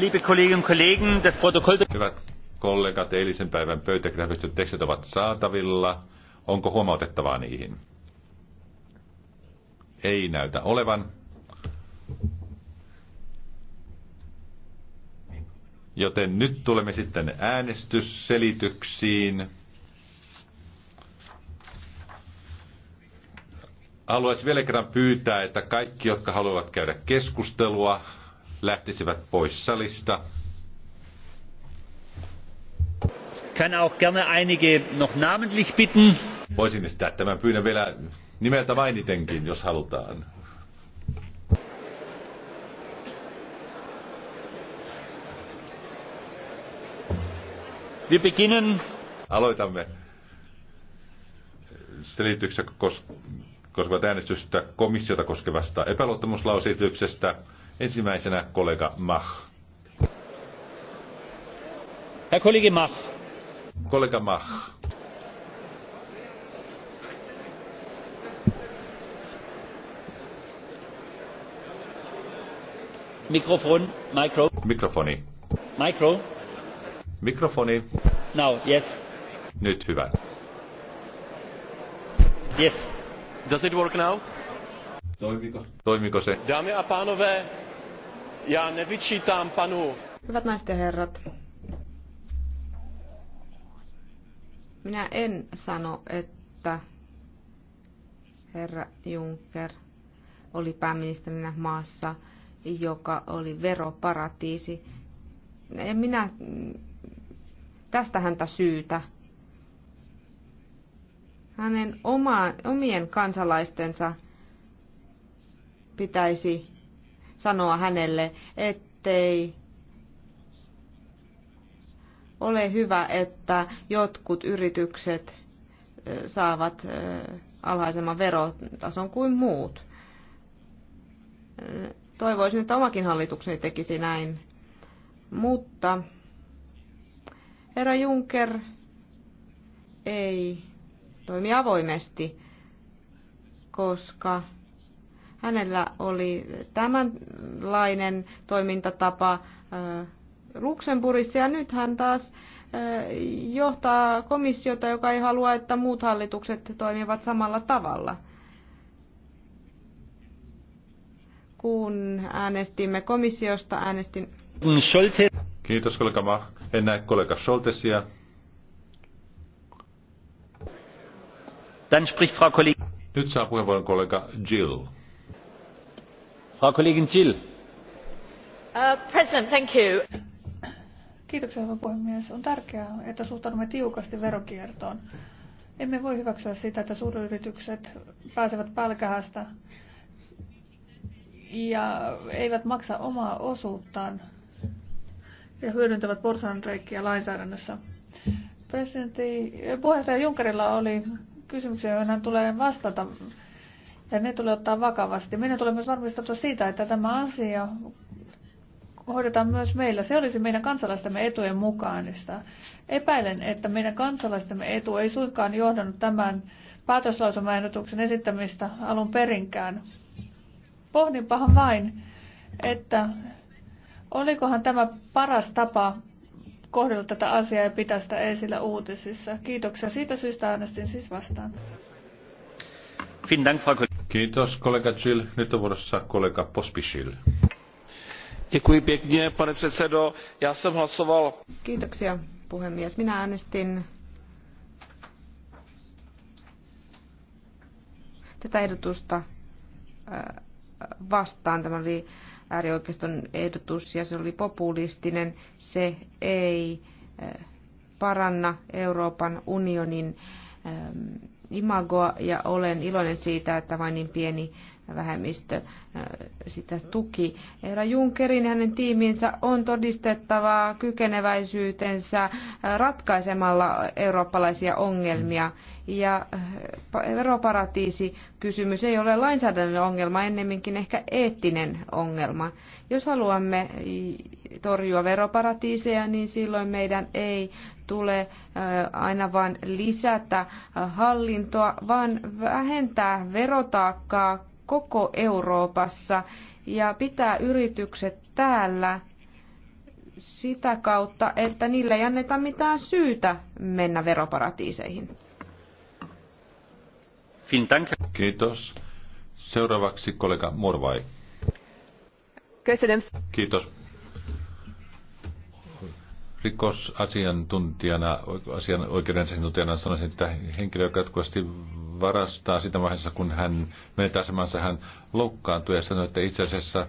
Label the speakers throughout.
Speaker 1: Hyvät kollegat, eilisen päivän pöytäkirjahdystyt tekstit ovat saatavilla. Onko huomautettavaa niihin? Ei näytä olevan. Joten nyt tulemme sitten äänestysselityksiin. Haluaisin vielä kerran pyytää, että kaikki, jotka haluavat käydä keskustelua, lähtisivät pois salista. Kann auch gerne einige noch namentlich bitten. Voisin esittää tämän pyynnön vielä nimeltä mainitenkin, jos halutaan.
Speaker 2: Wir beginnen.
Speaker 1: Aloitamme selityksessä kos- koskevat äänestystä komissiota koskevasta epäluottamuslausityksestä. Ensimmäisenä kollega Mach. Herr Kollege Mach. Kollega Mach. Mikrofon, micro. Mikrofoni. Micro. Mikrofoni. Now, yes. Nyt hyvä. Yes. Does it work now? Toimiko? Toimiko se? Dámy a pánové, ja ne panu.
Speaker 3: Hyvät naiset ja herrat, minä en sano, että herra Juncker oli pääministerinä maassa, joka oli veroparatiisi. En minä tästä häntä syytä. Hänen oma, omien kansalaistensa pitäisi sanoa hänelle, ettei ole hyvä, että jotkut yritykset saavat alhaisemman verotason kuin muut. Toivoisin, että omakin hallitukseni tekisi näin. Mutta herra Juncker ei toimi avoimesti, koska Hänellä oli tämänlainen toimintatapa Luxemburgissa ja nyt hän taas johtaa komissiota, joka ei halua, että muut hallitukset toimivat samalla tavalla. Kun äänestimme komissiosta, äänestin...
Speaker 1: Kiitos kollega Mach. En näe kollega Scholtesia. Dann spricht Frau Kollegin. Nyt saa puheenvuoron kollega Jill arvoisa
Speaker 2: uh, Kiitoksia, puhemies. On tärkeää, että suhtaudumme tiukasti verokiertoon. Emme voi hyväksyä sitä, että suuryritykset pääsevät pälkähästä ja eivät maksa omaa osuuttaan ja hyödyntävät porsanreikkiä lainsäädännössä. Presidentti, puheenjohtaja Junckerilla oli kysymyksiä, joihin hän tulee vastata ja ne tulee ottaa vakavasti. Meidän tulee myös varmistautua siitä, että tämä asia hoidetaan myös meillä. Se olisi meidän kansalaistemme etujen mukaanista. Epäilen, että meidän kansalaistemme etu ei suinkaan johdanut tämän päätöslausumaehdotuksen esittämistä alun perinkään. Pohdinpahan vain, että olikohan tämä paras tapa kohdella tätä asiaa ja pitää sitä esillä uutisissa. Kiitoksia. Siitä syystä äänestin siis vastaan.
Speaker 1: Kiitos kollega Jill. Nyt on vuorossa kollega Pospisil. Děkuji pěkně, pane předsedo. Já jsem hlasoval.
Speaker 3: Kiitoksia, puhemies. Minä äänestin tätä ehdotusta vastaan. Tämä oli äärioikeiston ehdotus ja se oli populistinen. Se ei paranna Euroopan unionin imagoa ja olen iloinen siitä, että vain niin pieni vähemmistö äh, sitä tuki. Herra Junckerin ja hänen tiiminsä on todistettava kykeneväisyytensä äh, ratkaisemalla eurooppalaisia ongelmia. Ja äh, veroparatiisi kysymys ei ole lainsäädännön ongelma, ennemminkin ehkä eettinen ongelma. Jos haluamme torjua veroparatiiseja, niin silloin meidän ei tule aina vain lisätä hallintoa, vaan vähentää verotaakkaa koko Euroopassa ja pitää yritykset täällä sitä kautta, että niille ei anneta mitään syytä mennä veroparatiiseihin.
Speaker 1: Kiitos. Seuraavaksi kollega Morvai. Kiitos rikosasiantuntijana, asian oikeuden asiantuntijana sanoisin, että henkilö, jatkuvasti varastaa sitä vaiheessa, kun hän menee asemansa, hän loukkaantuu ja sanoo, että itse asiassa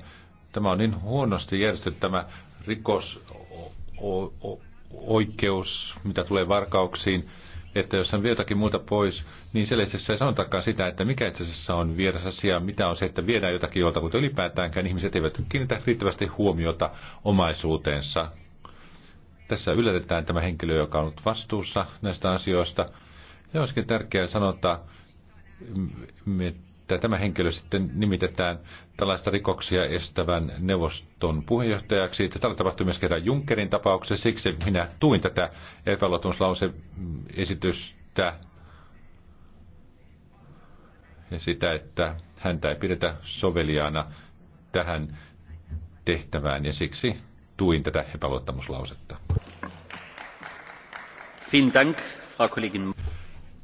Speaker 1: tämä on niin huonosti järjestetty tämä rikos oikeus, mitä tulee varkauksiin, että jos hän vie jotakin muuta pois, niin selvästi ei sanotakaan sitä, että mikä itse asiassa on vieras asia, mitä on se, että viedään jotakin jolta, mutta ylipäätäänkään ihmiset eivät kiinnitä riittävästi huomiota omaisuuteensa tässä yllätetään tämä henkilö, joka on ollut vastuussa näistä asioista. Ja olisikin tärkeää sanoa, että tämä henkilö sitten nimitetään tällaista rikoksia estävän neuvoston puheenjohtajaksi. Tällä tapahtui myös kerran Junckerin tapauksessa, siksi minä tuin tätä epäluottamuslause-esitystä ja sitä, että häntä ei pidetä soveliaana tähän tehtävään ja siksi tuin tätä epäluottamuslausetta.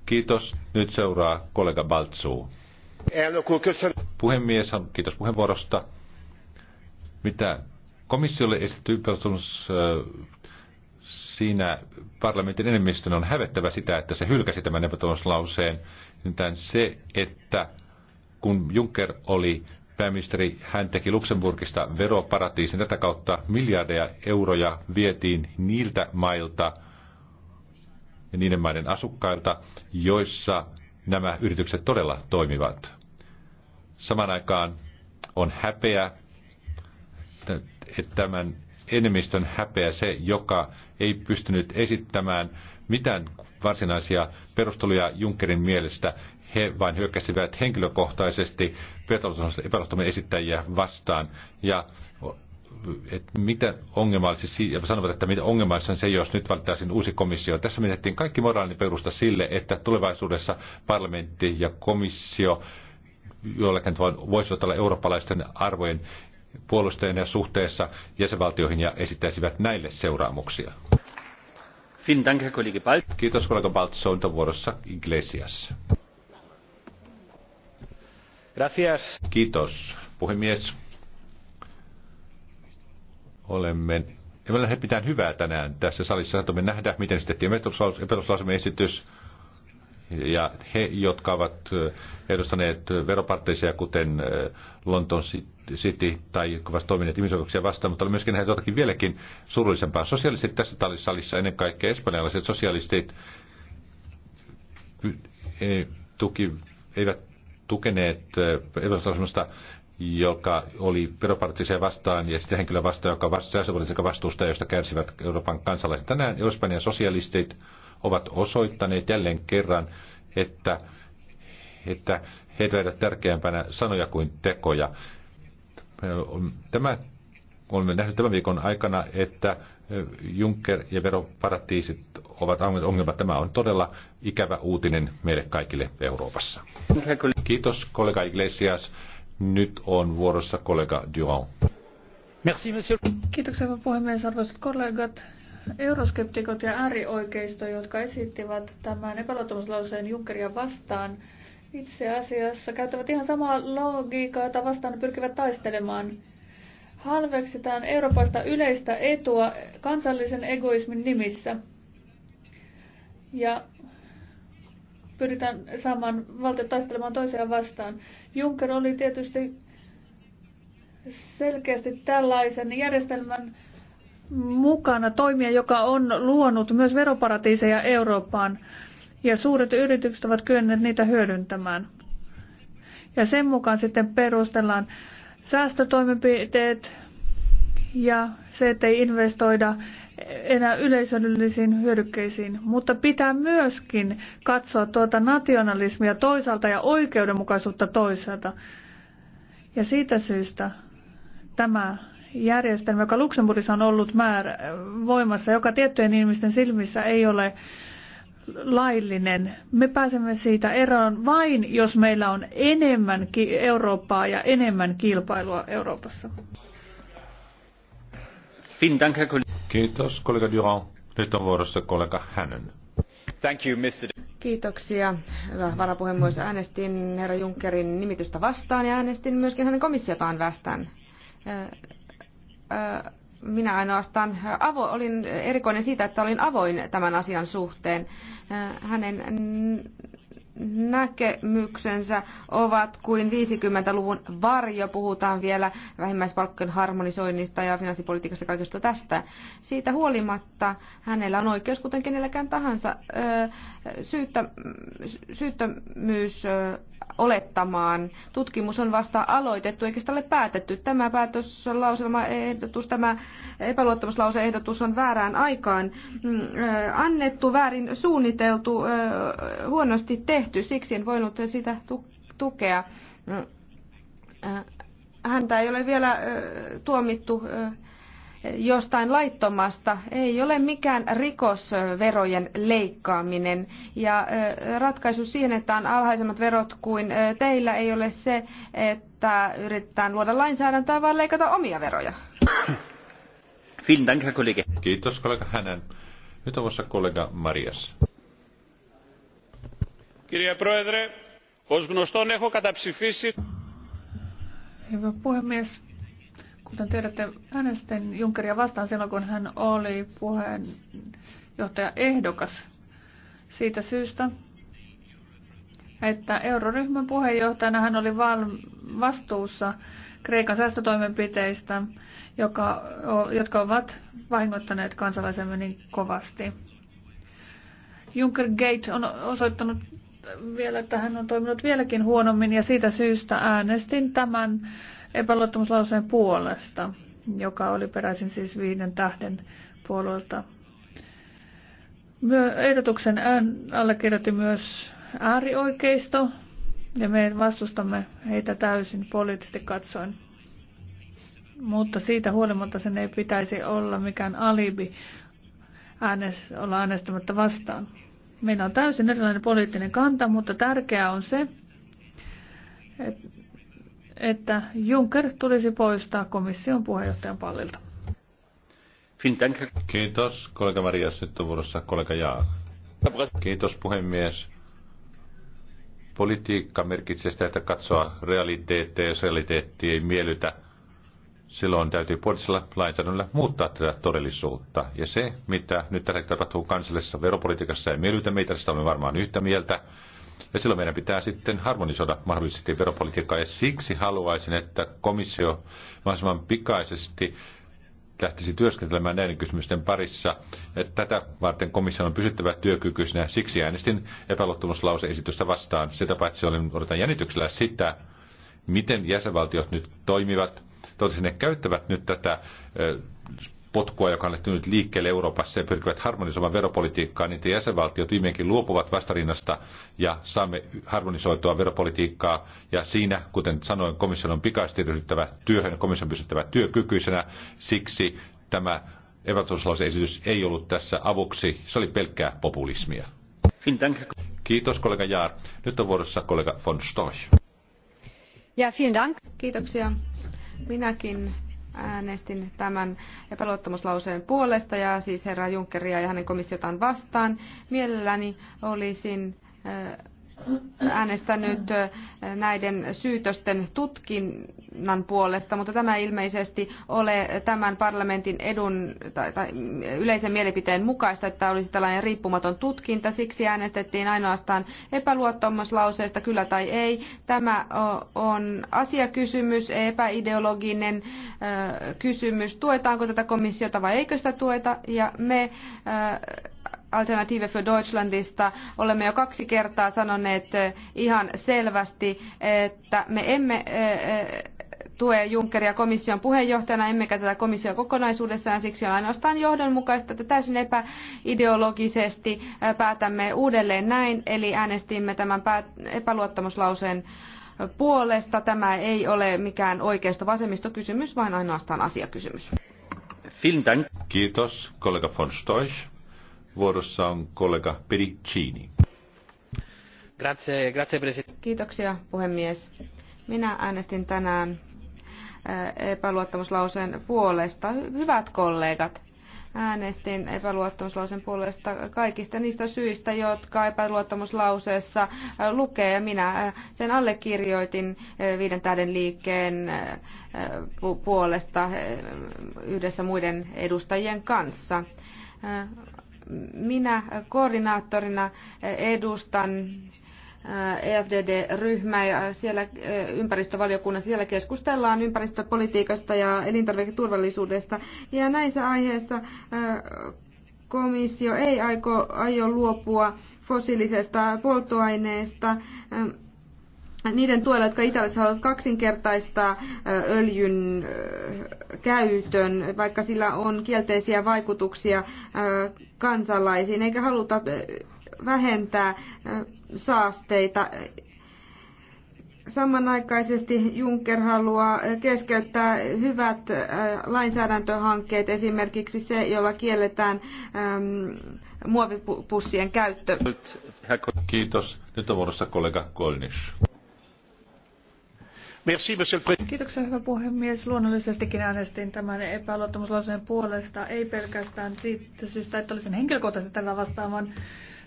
Speaker 1: Kiitos. Nyt seuraa kollega Baltsuu. Puhemies, kiitos puheenvuorosta. Mitä komissiolle esitetty perustus siinä parlamentin enemmistön on hävettävä sitä, että se hylkäsi tämän epätoivoslauseen. Nimittäin se, että kun Juncker oli pääministeri, hän teki Luxemburgista veroparatiisin. Tätä kautta miljardeja euroja vietiin niiltä mailta, niiden maiden asukkailta, joissa nämä yritykset todella toimivat. Saman aikaan on häpeä, että tämän enemmistön häpeä se, joka ei pystynyt esittämään mitään varsinaisia perusteluja Junckerin mielestä. He vain hyökkäsivät henkilökohtaisesti epäluottamuksen esittäjiä vastaan ja että mitä ongelmallisesti, ja sanovat, että mitä ongelmallista on se, jos nyt valittaisiin uusi komissio. Tässä menettiin kaikki moraalinen perusta sille, että tulevaisuudessa parlamentti ja komissio joillakin tavalla voisivat olla eurooppalaisten arvojen puolustajina suhteessa jäsenvaltioihin ja esittäisivät näille seuraamuksia. Kiitos kollega Baltz, on vuorossa Iglesias. Gracias. Kiitos puhemies olemme emme lähdemme pitämään hyvää tänään tässä salissa. Saatamme nähdä, miten se tehtiin peruslausemme esitys. Ja he, jotka ovat edustaneet veroparteisia kuten Lontoon City tai jotka ovat toimineet ihmisoikeuksia vastaan, mutta myöskin näitä jotakin vieläkin surullisempaa. Sosialistit tässä salissa, ennen kaikkea espanjalaiset sosialistit, e- tuki, eivät tukeneet epäsuosimasta joka oli veroparatiisia vastaan ja sitä henkilöä vastaan, joka vastuusta vastuusta, josta kärsivät Euroopan kansalaiset. Tänään Espanjan sosialistit ovat osoittaneet jälleen kerran, että, että he eivät tärkeämpänä sanoja kuin tekoja. Tämä, olemme nähneet tämän viikon aikana, että Juncker ja veroparatiisit ovat ongelma. Tämä on todella ikävä uutinen meille kaikille Euroopassa. Kiitos kollega Iglesias. Nyt on vuorossa kollega Duan.
Speaker 2: Merci, monsieur. Kiitoksia, puhemies, arvoisat kollegat. Euroskeptikot ja äärioikeisto, jotka esittivät tämän epäluottamuslauseen Junckeria vastaan, itse asiassa käyttävät ihan samaa logiikkaa, jota vastaan pyrkivät taistelemaan. Halveksitaan Euroopasta yleistä etua kansallisen egoismin nimissä. Ja pyritään saamaan valtiot taistelemaan toisiaan vastaan. Juncker oli tietysti selkeästi tällaisen järjestelmän mukana toimija, joka on luonut myös veroparatiiseja Eurooppaan. Ja suuret yritykset ovat kyenneet niitä hyödyntämään. Ja sen mukaan sitten perustellaan säästötoimenpiteet ja se, ettei investoida enää yleisöllisiin hyödykkeisiin, mutta pitää myöskin katsoa tuota nationalismia toisaalta ja oikeudenmukaisuutta toisaalta. Ja siitä syystä tämä järjestelmä, joka Luxemburgissa on ollut määrä, voimassa, joka tiettyjen ihmisten silmissä ei ole laillinen. Me pääsemme siitä eroon vain, jos meillä on enemmän Eurooppaa ja enemmän kilpailua
Speaker 3: Euroopassa.
Speaker 1: Vielen Kiitos, kollega Durand. Nyt on vuorossa kollega Hänen. Thank you, Mr.
Speaker 3: Kiitoksia, hyvä varapuhemies. Äänestin herra Junckerin nimitystä vastaan ja äänestin myöskin hänen komissiotaan vastaan. Minä ainoastaan avo, olin erikoinen siitä, että olin avoin tämän asian suhteen. Hänen näkemyksensä ovat kuin 50-luvun varjo. Puhutaan vielä vähimmäispalkkojen harmonisoinnista ja finanssipolitiikasta kaikesta tästä. Siitä huolimatta hänellä on oikeus, kuten kenelläkään tahansa, syyttä, syyttömyys olettamaan. Tutkimus on vasta aloitettu, eikä sitä ole päätetty. Tämä päätöslauselmaehdotus, tämä epäluottamuslauseehdotus on väärään aikaan mm, annettu, väärin suunniteltu, huonosti tehty. Siksi en voinut sitä tukea. Mm, häntä ei ole vielä tuomittu jostain laittomasta. Ei ole mikään rikosverojen leikkaaminen. Ja ratkaisu siihen, että on alhaisemmat verot kuin teillä, ei ole se, että yritetään luoda lainsäädäntöä, vaan leikata omia veroja.
Speaker 1: Kiitos kollega hänen. Nyt on vasta kollega Marias. Kirja Proedre,
Speaker 2: Hyvä puhemies, Kuten tiedätte, äänestin Junckeria vastaan silloin, kun hän oli puheenjohtaja ehdokas siitä syystä, että euroryhmän puheenjohtajana hän oli vastuussa Kreikan säästötoimenpiteistä, joka, jotka ovat vahingoittaneet kansalaisemme niin kovasti. Juncker Gate on osoittanut vielä, että hän on toiminut vieläkin huonommin ja siitä syystä äänestin tämän epäluottamuslauseen puolesta, joka oli peräisin siis viiden tähden puolueelta. Ehdotuksen allekirjoitti myös äärioikeisto, ja me vastustamme heitä täysin poliittisesti katsoen. Mutta siitä huolimatta sen ei pitäisi olla mikään alibi äänes, olla äänestämättä vastaan. Meillä on täysin erilainen poliittinen kanta, mutta tärkeää on se, että että Juncker tulisi poistaa komission puheenjohtajan pallilta.
Speaker 1: Kiitos. Kollega Maria, nyt on vuorossa kollega Jaa. Kiitos puhemies. Politiikka merkitsee sitä, että katsoa realiteetteja, jos realiteetti ei miellytä. Silloin täytyy poliittisella lainsäädännöllä muuttaa tätä todellisuutta. Ja se, mitä nyt tällä tapahtuu kansallisessa veropolitiikassa, ja miellytä meitä, sitä olemme varmaan yhtä mieltä. Ja silloin meidän pitää sitten harmonisoida mahdollisesti veropolitiikkaa. Ja siksi haluaisin, että komissio mahdollisimman pikaisesti lähtisi työskentelemään näiden kysymysten parissa. Tätä varten komissio on pysyttävä työkykyisenä. Siksi äänestin epäluottamuslauseesitystä vastaan. Sitä paitsi olen, odotan jännityksellä sitä, miten jäsenvaltiot nyt toimivat. Toivottavasti ne käyttävät nyt tätä potkua, joka on lähtenyt liikkeelle Euroopassa ja pyrkivät harmonisoimaan veropolitiikkaa, niin jäsenvaltiot viimeinkin luopuvat vastarinnasta ja saamme harmonisoitua veropolitiikkaa. Ja siinä, kuten sanoin, komission on pikaisesti ryhdyttävä työhön, komission on pysyttävä työkykyisenä. Siksi tämä epätotuslauseesitys ei ollut tässä avuksi. Se oli pelkkää populismia. Kiitos kollega Jaar. Nyt on vuorossa kollega von Storch.
Speaker 3: Ja, vielen Dank. Kiitoksia. Minäkin äänestin tämän epäluottamuslauseen puolesta ja siis herra Junckeria ja hänen komissiotaan vastaan. Mielelläni olisin äh, äänestänyt näiden syytösten tutkinnan puolesta, mutta tämä ei ilmeisesti ole tämän parlamentin edun tai, tai yleisen mielipiteen mukaista, että olisi tällainen riippumaton tutkinta. Siksi äänestettiin ainoastaan epäluottamuslauseesta kyllä tai ei. Tämä on asiakysymys, epäideologinen kysymys. Tuetaanko tätä komissiota vai eikö sitä tueta? Ja me Alternative für Deutschlandista olemme jo kaksi kertaa sanoneet eh, ihan selvästi, että me emme eh, eh, tue Junckeria komission puheenjohtajana, emmekä tätä komissiota kokonaisuudessaan. Siksi on ainoastaan johdonmukaista, että täysin epäideologisesti päätämme uudelleen näin, eli äänestimme tämän epäluottamuslauseen puolesta. Tämä ei ole mikään oikeisto kysymys, vaan ainoastaan asiakysymys.
Speaker 1: Vielen Kiitos, kollega von Storch. Vuorossa on kollega Pedicini. Grazie, grazie
Speaker 3: Kiitoksia puhemies. Minä äänestin tänään epäluottamuslauseen puolesta. Hyvät kollegat, äänestin epäluottamuslauseen puolesta kaikista niistä syistä, jotka epäluottamuslauseessa lukee. Ja minä sen allekirjoitin viiden tähden liikkeen puolesta yhdessä muiden edustajien kanssa minä koordinaattorina edustan efdd ryhmää ja siellä ympäristövaliokunnassa siellä keskustellaan ympäristöpolitiikasta ja elintarviketurvallisuudesta. Ja näissä aiheissa komissio ei aiko, aio luopua fossiilisesta polttoaineesta niiden tuella, jotka Italiassa haluavat kaksinkertaistaa öljyn käytön, vaikka sillä on kielteisiä vaikutuksia kansalaisiin, eikä haluta vähentää saasteita. Samanaikaisesti Juncker haluaa keskeyttää hyvät lainsäädäntöhankkeet, esimerkiksi se, jolla kielletään muovipussien käyttö.
Speaker 1: Kiitos. Nyt on vuorossa kollega Kolnish.
Speaker 3: Kiitoksia, hyvä
Speaker 2: puhemies. Luonnollisestikin äänestin tämän epäluottamuslauseen puolesta, ei pelkästään siitä syystä, että olisin henkilökohtaisesti tällä vastaan, vaan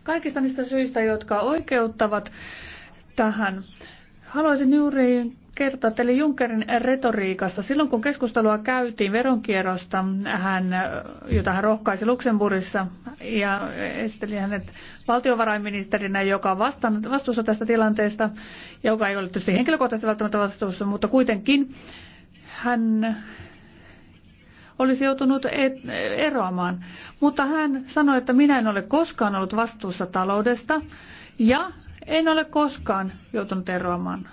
Speaker 2: kaikista niistä syistä, jotka oikeuttavat tähän. Haluaisin juuri kertoa teille Junckerin retoriikasta. Silloin kun keskustelua käytiin veronkierrosta, hän, jota hän rohkaisi Luxemburgissa ja esteli hänet valtiovarainministerinä, joka on vastuussa tästä tilanteesta, joka ei ole tietysti henkilökohtaisesti välttämättä vastuussa, mutta kuitenkin hän olisi joutunut eroamaan. Mutta hän sanoi, että minä en ole koskaan ollut vastuussa taloudesta ja en ole koskaan joutunut eroamaan.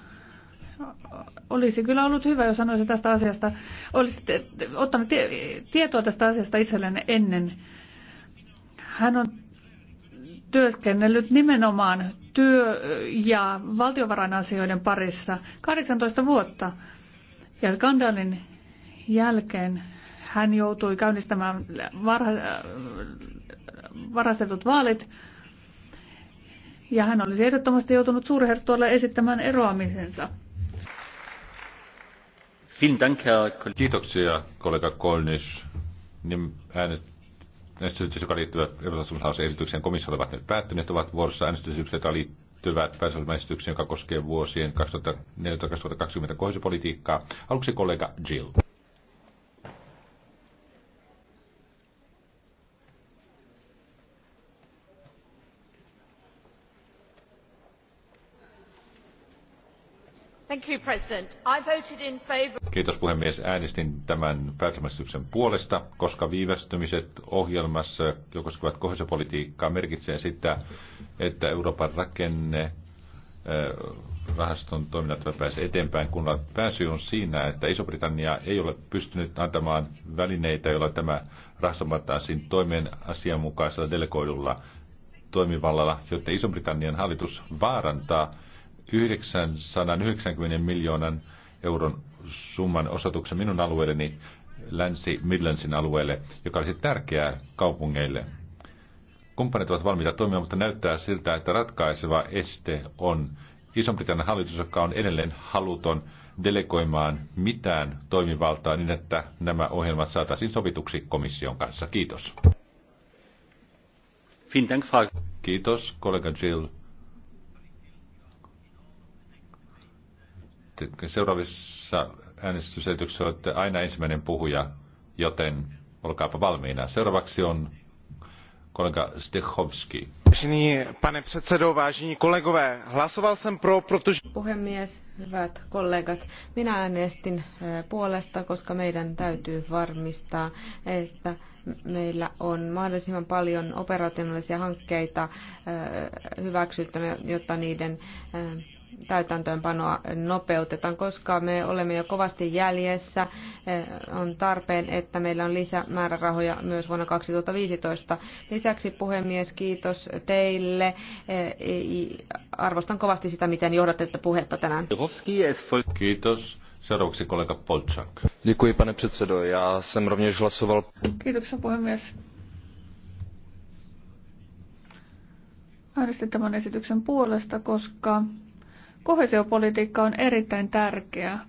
Speaker 2: Olisi kyllä ollut hyvä, jos sanoisi tästä asiasta, Olisi ottanut tietoa tästä asiasta itselleen ennen. Hän on työskennellyt nimenomaan työ- ja valtiovarainasioiden parissa 18 vuotta. Ja skandaalin jälkeen hän joutui käynnistämään varha- varastetut vaalit. Ja hän olisi ehdottomasti joutunut suurherttualle esittämään eroamisensa.
Speaker 1: Kiitoksia, kollega Kolnis. Niin äänet äänestysykset, joka liittyvät erotasolhausesitykseen komissio ovat nyt päättyneet, ovat vuorossa äänestysykset, jotka liittyvät päätösvalmaesitykseen, joka koskee vuosien 2014-2020 kohdallisuuspolitiikkaa. Aluksi kollega Jill. Kiitos puhemies. Äänestin tämän päätelmästyksen puolesta, koska viivästymiset ohjelmassa, joka koskevat kohesiopolitiikkaa, merkitsee sitä, että Euroopan rakenne äh, rahaston toiminnat pääsee eteenpäin, kun pääsy on siinä, että Iso-Britannia ei ole pystynyt antamaan välineitä, joilla tämä rahasto pantaisiin toimeen asianmukaisella delegoidulla toimivallalla, jotta Iso-Britannian hallitus vaarantaa 990 miljoonan euron summan osoituksen minun alueelleni Länsi Midlandsin alueelle, joka olisi tärkeää kaupungeille. Kumppanit ovat valmiita toimimaan, mutta näyttää siltä, että ratkaiseva este on Iso-Britannian hallitus, joka on edelleen haluton delegoimaan mitään toimivaltaa niin, että nämä ohjelmat saataisiin sovituksi komission kanssa. Kiitos. Kiitos, kollega Jill. Seuraavissa äänestysselityksissä olette aina ensimmäinen puhuja, joten olkaapa valmiina. Seuraavaksi on kolega Stechowski. Pane předsedo, vážení kolegové, hlasoval jsem pro, protože...
Speaker 3: Puhemies, hyvät kollegat, minä äänestin eh, puolesta, koska meidän täytyy varmistaa, että meillä on mahdollisimman paljon operationaalisia hankkeita eh, hyväksyttynä, jotta niiden eh, täytäntöönpanoa nopeutetaan, koska me olemme jo kovasti jäljessä. Eh, on tarpeen, että meillä on lisämäärärahoja myös vuonna 2015. Lisäksi puhemies, kiitos teille. Eh, arvostan kovasti sitä, miten johdatte tätä puhetta tänään.
Speaker 1: Kiitos. Seuraavaksi kollega Polčak. Děkuji, pane předsedo. Já jsem rovněž hlasoval...
Speaker 3: Kiitos puhemies.
Speaker 2: Äänestin tämän esityksen puolesta, koska Kohesiopolitiikka on erittäin tärkeää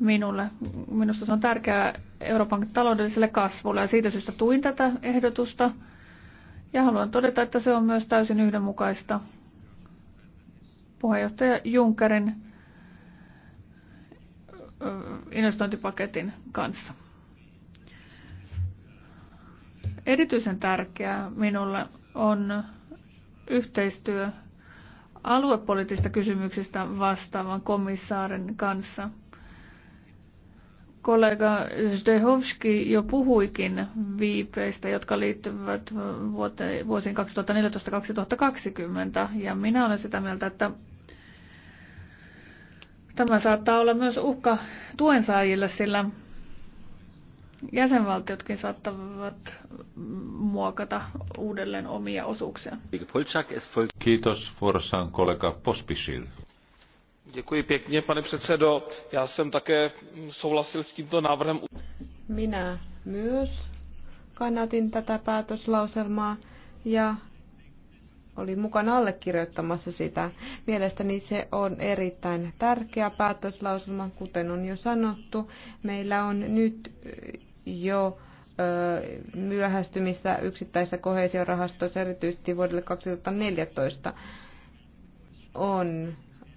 Speaker 2: minulle. Minusta se on tärkeää Euroopan taloudelliselle kasvulle ja siitä syystä tuin tätä ehdotusta. Ja haluan todeta, että se on myös täysin yhdenmukaista puheenjohtaja Junckerin investointipaketin kanssa. Erityisen tärkeää minulle on yhteistyö aluepoliittisista kysymyksistä vastaavan komissaarin kanssa. Kollega Zdehovski jo puhuikin viipeistä, jotka liittyvät vuosiin 2014-2020, ja minä olen sitä mieltä, että tämä saattaa olla myös uhka tuensaajille, sillä jäsenvaltiotkin saattavat muokata uudelleen omia osuuksia.
Speaker 1: Kiitos. Vuorossa on kollega Pospisil. Děkuji pěkně, pane předsedo. Já jsem také souhlasil s tímto
Speaker 3: návrhem. Minä myös kannatin tätä päätöslauselmaa ja oli mukana allekirjoittamassa sitä. Mielestäni se on erittäin tärkeä päätöslauselma, kuten on jo sanottu. Meillä on nyt jo myöhästymistä yksittäisissä kohesiorahastoissa erityisesti vuodelle 2014 on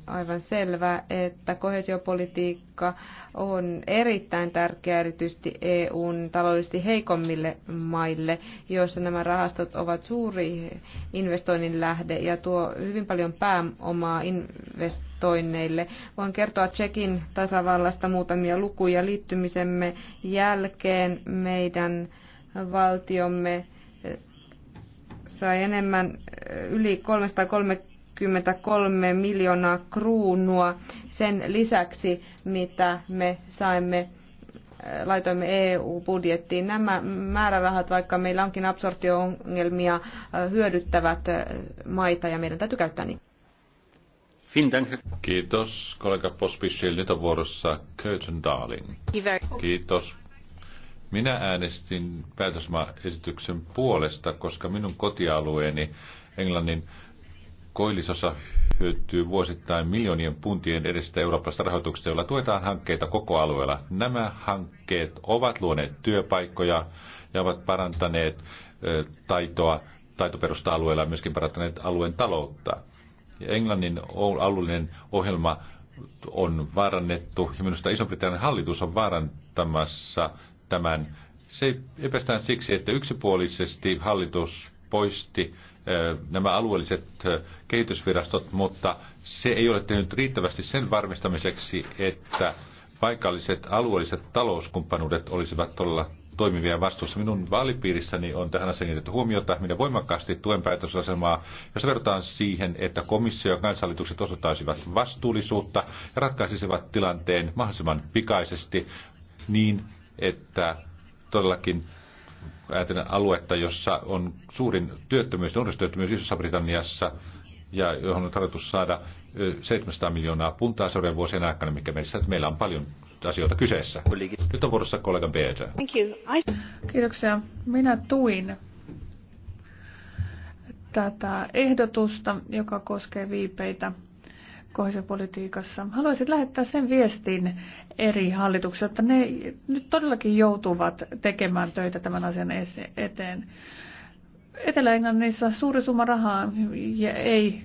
Speaker 3: aivan selvä, että kohesiopolitiikka on erittäin tärkeä erityisesti EUn taloudellisesti heikommille maille, joissa nämä rahastot ovat suuri investoinnin lähde ja tuo hyvin paljon pääomaa investoinneille. Voin kertoa Tsekin tasavallasta muutamia lukuja liittymisemme jälkeen meidän valtiomme sai enemmän yli 330 23 miljoonaa kruunua sen lisäksi, mitä me saimme äh, laitoimme EU-budjettiin. Nämä määrärahat, vaikka meillä onkin absorptio-ongelmia, äh, hyödyttävät äh, maita ja meidän täytyy käyttää niitä.
Speaker 1: Kiitos, kollega Pospisil. Nyt on vuorossa Darling. Kiitos. Minä äänestin esityksen puolesta, koska minun kotialueeni Englannin koillisosa hyötyy vuosittain miljoonien puntien edestä Euroopasta rahoituksesta, jolla tuetaan hankkeita koko alueella. Nämä hankkeet ovat luoneet työpaikkoja ja ovat parantaneet taitoa, taitoperusta alueella ja myöskin parantaneet alueen taloutta. Englannin alueellinen ohjelma on vaarannettu, ja minusta Iso-Britannian hallitus on vaarantamassa tämän. Se ei epästään siksi, että yksipuolisesti hallitus poisti nämä alueelliset kehitysvirastot, mutta se ei ole tehnyt riittävästi sen varmistamiseksi, että paikalliset alueelliset talouskumppanuudet olisivat todella toimivia vastuussa. Minun vaalipiirissäni on tähän asiaan kiinnitetty huomiota. Minä voimakkaasti tuen päätösasemaa, jos verrataan siihen, että komissio ja kansallitukset osoittaisivat vastuullisuutta ja ratkaisisivat tilanteen mahdollisimman pikaisesti niin, että todellakin ajatellaan aluetta, jossa on suurin työttömyys, nuorisotyöttömyys Isossa-Britanniassa, ja johon on tarkoitus saada 700 miljoonaa puntaa seuraavien vuosien aikana, mikä merkitsee, että meillä on paljon asioita kyseessä. Nyt on vuorossa kollega Beetä.
Speaker 2: Kiitoksia. Minä tuin tätä ehdotusta, joka koskee viipeitä kohesiopolitiikassa. haluaisit lähettää sen viestin eri hallituksille, että ne nyt todellakin joutuvat tekemään töitä tämän asian eteen. Etelä-Englannissa suuri summa rahaa ei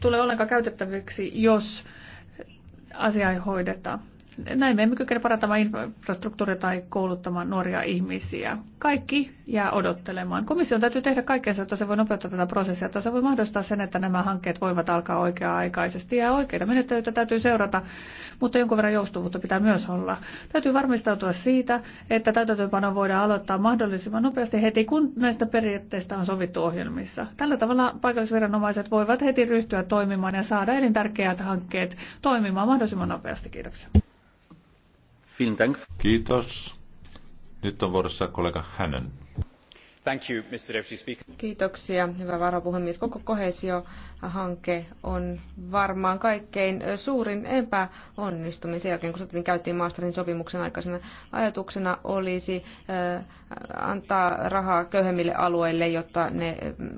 Speaker 2: tule ollenkaan käytettäväksi, jos asia ei hoideta näin me emme kykene parantamaan infrastruktuuria tai kouluttamaan nuoria ihmisiä. Kaikki jää odottelemaan. Komission täytyy tehdä kaikkea, jotta se voi nopeuttaa tätä prosessia, että se voi mahdollistaa sen, että nämä hankkeet voivat alkaa oikea-aikaisesti ja oikeita menettelyitä täytyy seurata, mutta jonkun verran joustuvuutta pitää myös olla. Täytyy varmistautua siitä, että täytäntöönpano voidaan aloittaa mahdollisimman nopeasti heti, kun näistä periaatteista on sovittu ohjelmissa. Tällä tavalla paikallisviranomaiset voivat heti ryhtyä toimimaan ja saada elintärkeät hankkeet toimimaan mahdollisimman nopeasti. Kiitoksia.
Speaker 1: Kiitos. Nyt on vuorossa kollega Hänen.
Speaker 3: Kiitoksia, hyvä varapuhemies. Koko kohesiohanke on varmaan kaikkein suurin sen jälkeen, kun se otettiin Maastarin sopimuksen aikaisena. Ajatuksena olisi antaa rahaa köyhemmille alueille, jotta ne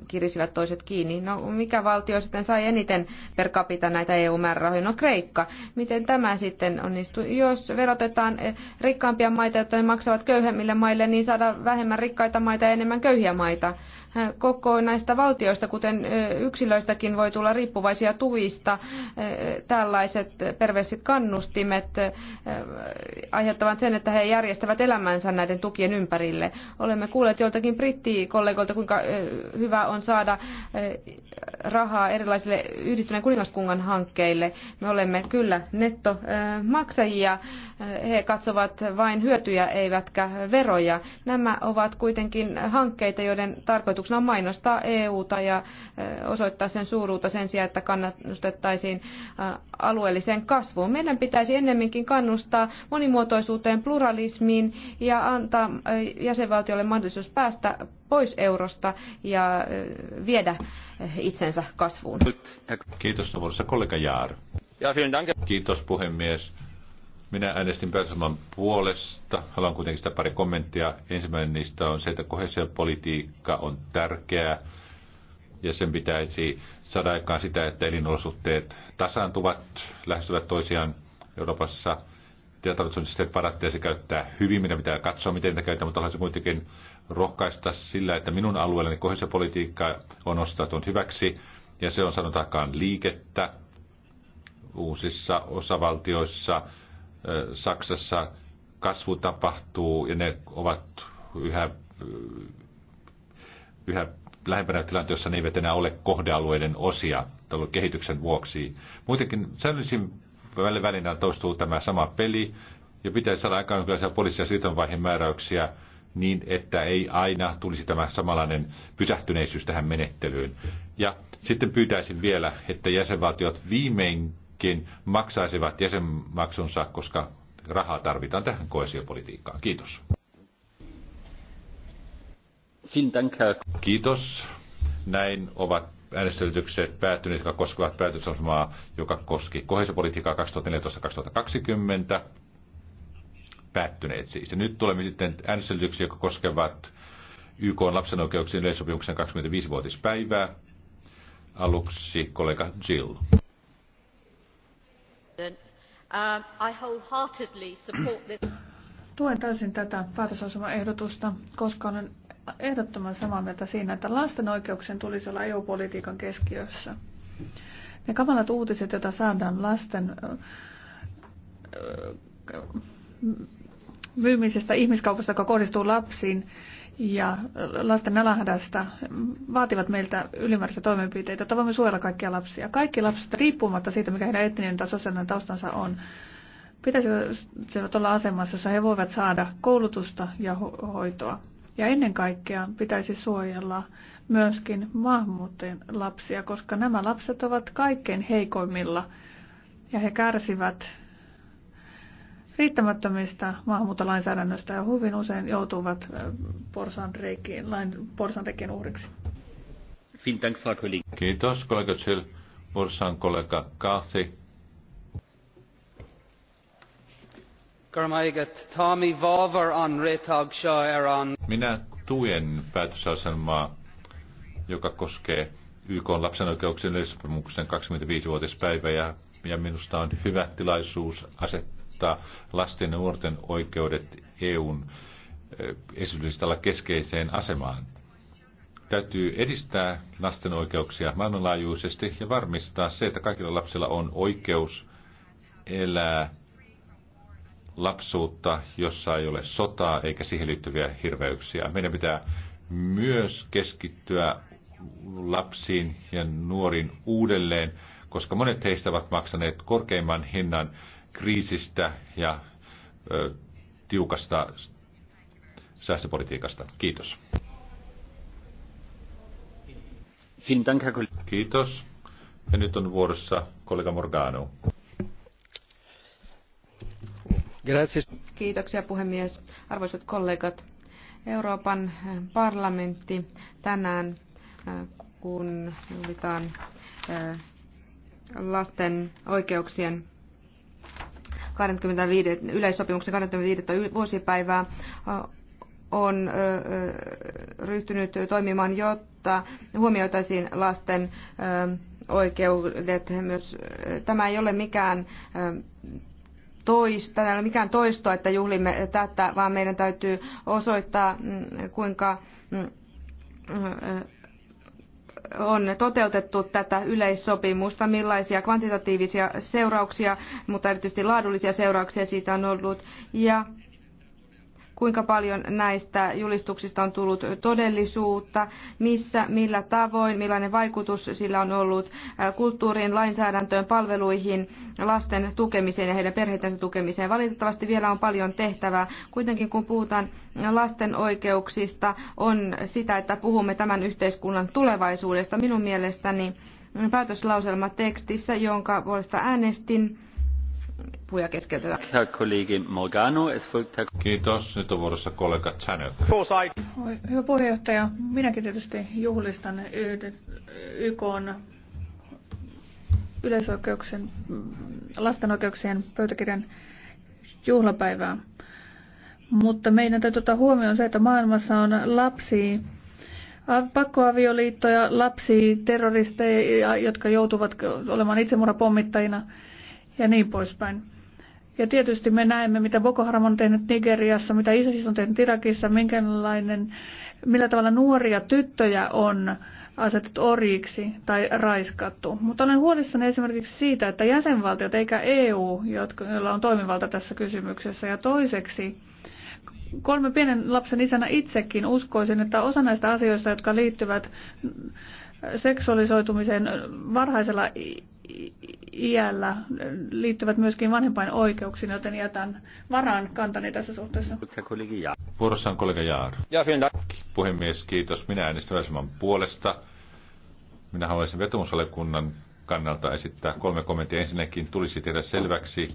Speaker 3: kirisivät toiset kiinni. No, mikä valtio sitten sai eniten per capita näitä EU-määrärahoja? No Kreikka. Miten tämä sitten onnistui? Jos verotetaan rikkaampia maita, jotta ne maksavat köyhemmille maille, niin saadaan vähemmän rikkaita maita ja enemmän enemmän köyhiä maita kokonaista valtioista, kuten yksilöistäkin voi tulla riippuvaisia tuista. Tällaiset perversit kannustimet aiheuttavat sen, että he järjestävät elämänsä näiden tukien ympärille. Olemme kuulleet joiltakin brittikollegoilta, kuinka hyvä on saada rahaa erilaisille yhdistyneen kuningaskunnan hankkeille. Me olemme kyllä nettomaksajia. He katsovat vain hyötyjä eivätkä veroja. Nämä ovat kuitenkin hankkeita, joiden tarkoitus tarkoituksena on mainostaa EUta ja osoittaa sen suuruutta sen sijaan, että kannustettaisiin alueelliseen kasvuun. Meidän pitäisi ennemminkin kannustaa monimuotoisuuteen, pluralismiin ja antaa jäsenvaltiolle mahdollisuus päästä pois eurosta ja viedä itsensä kasvuun.
Speaker 1: Kiitos, kollega Jaar. Kiitos puhemies. Minä äänestin päätösman puolesta. Haluan kuitenkin sitä pari kommenttia. Ensimmäinen niistä on se, että kohesiopolitiikka on tärkeää ja sen pitäisi saada aikaan sitä, että elinolosuhteet tasaantuvat, lähestyvät toisiaan Euroopassa. Ja tarvitsemme sitä, että parattia se käyttää hyvin, mitä pitää katsoa, miten niitä käytetään, mutta haluaisin kuitenkin rohkaista sillä, että minun alueellani kohesiopolitiikka on ostautunut hyväksi ja se on sanotaankaan liikettä uusissa osavaltioissa – Saksassa kasvu tapahtuu ja ne ovat yhä, yhä lähempänä tilanteessa, jossa ne eivät enää ole kohdealueiden osia kehityksen vuoksi. Muutenkin säännöllisin välinä toistuu tämä sama peli ja pitäisi saada aikaan kyllä poliisia siirtonvaiheen määräyksiä niin, että ei aina tulisi tämä samanlainen pysähtyneisyys tähän menettelyyn. Ja sitten pyytäisin vielä, että jäsenvaltiot viimein kuitenkin maksaisivat jäsenmaksunsa, koska rahaa tarvitaan tähän koesiopolitiikkaan. Kiitos. Kiitos. Näin ovat äänestelytykset päättyneet, jotka koskevat päätösohjelmaa, joka koski kohesiopolitiikkaa 2014-2020. Päättyneet siis. Ja nyt tulemme sitten äänestelytyksiä, jotka koskevat YK lapsen oikeuksien yleissopimuksen 25-vuotispäivää. Aluksi kollega Jill.
Speaker 3: Um,
Speaker 2: Tuen täysin tätä päätösasemaehdotusta, koska olen ehdottoman samaa mieltä siinä, että lasten oikeuksien tulisi olla EU-politiikan keskiössä. Ne kamalat uutiset, joita saadaan lasten myymisestä ihmiskaupasta, joka kohdistuu lapsiin, ja lasten nälänhädästä vaativat meiltä ylimääräisiä toimenpiteitä, että voimme suojella kaikkia lapsia. Kaikki lapset, riippumatta siitä, mikä heidän etninen tai sosiaalinen taustansa on, pitäisi olla asemassa, jossa he voivat saada koulutusta ja ho- hoitoa. Ja ennen kaikkea pitäisi suojella myöskin maahanmuuttajien lapsia, koska nämä lapset ovat kaikkein heikoimmilla ja he kärsivät riittämättömistä maahanmuuttolainsäädännöstä ja hyvin usein joutuvat porsanreikien, lain uhriksi.
Speaker 1: Kiitos kollega Chill. Porsan kollega Kahti. Minä tuen päätösasemaa, joka koskee YK lapsen oikeuksien yleissopimuksen 25 vuotispäivä ja, ja minusta on hyvä tilaisuus asettaa nostaa lasten ja nuorten oikeudet EUn esityslistalla keskeiseen asemaan. Täytyy edistää lasten oikeuksia maailmanlaajuisesti ja varmistaa se, että kaikilla lapsilla on oikeus elää lapsuutta, jossa ei ole sotaa eikä siihen liittyviä hirveyksiä. Meidän pitää myös keskittyä lapsiin ja nuoriin uudelleen, koska monet heistä ovat maksaneet korkeimman hinnan kriisistä ja ö, tiukasta säästöpolitiikasta. Kiitos. Kiitos. Ja nyt on vuorossa kollega Morgano.
Speaker 3: Kiitoksia puhemies. Arvoisat kollegat, Euroopan parlamentti tänään, kun juhlitaan lasten oikeuksien 25, yleissopimuksen 25. vuosipäivää on ryhtynyt toimimaan, jotta huomioitaisiin lasten oikeudet. Myös, tämä ei ole mikään toista, ei ole mikään toisto, että juhlimme tätä, vaan meidän täytyy osoittaa, mm, kuinka mm, on toteutettu tätä yleissopimusta, millaisia kvantitatiivisia seurauksia, mutta erityisesti laadullisia seurauksia siitä on ollut. Ja kuinka paljon näistä julistuksista on tullut todellisuutta, missä, millä tavoin, millainen vaikutus sillä on ollut äh, kulttuuriin, lainsäädäntöön, palveluihin, lasten tukemiseen ja heidän perheidensä tukemiseen. Valitettavasti vielä on paljon tehtävää. Kuitenkin kun puhutaan lasten oikeuksista, on sitä, että puhumme tämän yhteiskunnan tulevaisuudesta. Minun mielestäni päätöslauselmatekstissä, jonka puolesta äänestin, puhuja keskeytetään.
Speaker 1: Kiitos. Nyt on vuorossa kollega Chanel.
Speaker 2: Hyvä puheenjohtaja. Minäkin tietysti juhlistan YK on yleisoikeuksien, lasten oikeuksien pöytäkirjan juhlapäivää. Mutta meidän täytyy ottaa huomioon se, että maailmassa on lapsi pakkoavioliittoja, lapsi terroristeja, jotka joutuvat olemaan itsemurhapommittajina ja niin poispäin. Ja tietysti me näemme, mitä Boko Haram on tehnyt Nigeriassa, mitä ISIS on tehnyt Irakissa, minkälainen, millä tavalla nuoria tyttöjä on asetettu orjiksi tai raiskattu. Mutta olen huolissani esimerkiksi siitä, että jäsenvaltiot eikä EU, joilla on toimivalta tässä kysymyksessä, ja toiseksi kolme pienen lapsen isänä itsekin uskoisin, että osa näistä asioista, jotka liittyvät seksuaalisoitumiseen varhaisella iällä liittyvät myöskin vanhempain oikeuksiin, joten jätän varaan kantani tässä suhteessa.
Speaker 1: Vuorossa on kollega Jaar. Ja, Puhemies, kiitos. Minä äänestän puolesta. Minä haluaisin vetomusvaliokunnan kannalta esittää kolme kommenttia. Ensinnäkin tulisi tehdä selväksi,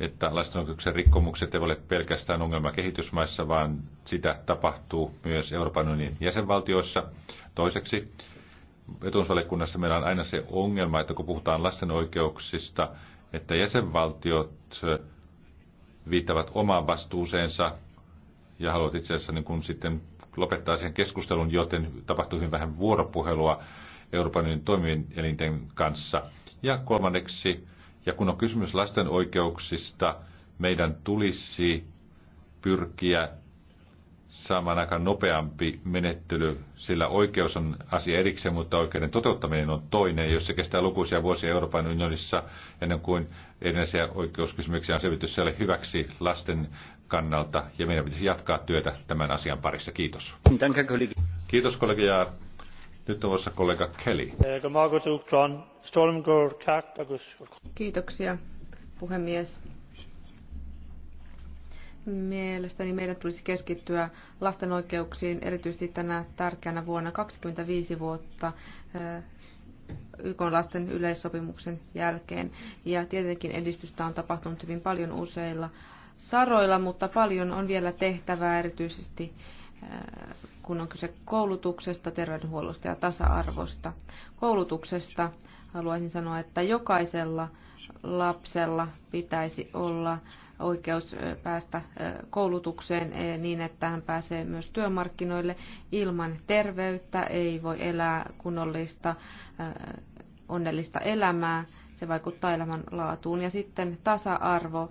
Speaker 1: että lasten oikeuksien rikkomukset eivät ole pelkästään ongelma kehitysmaissa, vaan sitä tapahtuu myös Euroopan unionin jäsenvaltioissa. Toiseksi vetunsvaliokunnassa meillä on aina se ongelma, että kun puhutaan lasten oikeuksista, että jäsenvaltiot viittavat omaan vastuuseensa ja haluat itse asiassa niin kun sitten lopettaa sen keskustelun, joten tapahtuu hyvin vähän vuoropuhelua Euroopan unionin elinten kanssa. Ja kolmanneksi, ja kun on kysymys lasten oikeuksista, meidän tulisi pyrkiä saamaan aika nopeampi menettely, sillä oikeus on asia erikseen, mutta oikeuden toteuttaminen on toinen. Jos se kestää lukuisia vuosia Euroopan unionissa ennen kuin erinäisiä oikeuskysymyksiä on selvitys siellä hyväksi lasten kannalta, ja meidän pitäisi jatkaa työtä tämän asian parissa. Kiitos. Kiitos kollega nyt on vuossa kollega Kelly.
Speaker 3: Kiitoksia puhemies Mielestäni meidän tulisi keskittyä lasten oikeuksiin erityisesti tänä tärkeänä vuonna 25 vuotta eh, YK lasten yleissopimuksen jälkeen. Ja tietenkin edistystä on tapahtunut hyvin paljon useilla saroilla, mutta paljon on vielä tehtävää erityisesti eh, kun on kyse koulutuksesta, terveydenhuollosta ja tasa-arvosta. Koulutuksesta haluaisin sanoa, että jokaisella lapsella pitäisi olla oikeus päästä koulutukseen e, niin, että hän pääsee myös työmarkkinoille. Ilman terveyttä ei voi elää kunnollista onnellista elämää. Se vaikuttaa elämänlaatuun. Ja sitten tasa-arvo.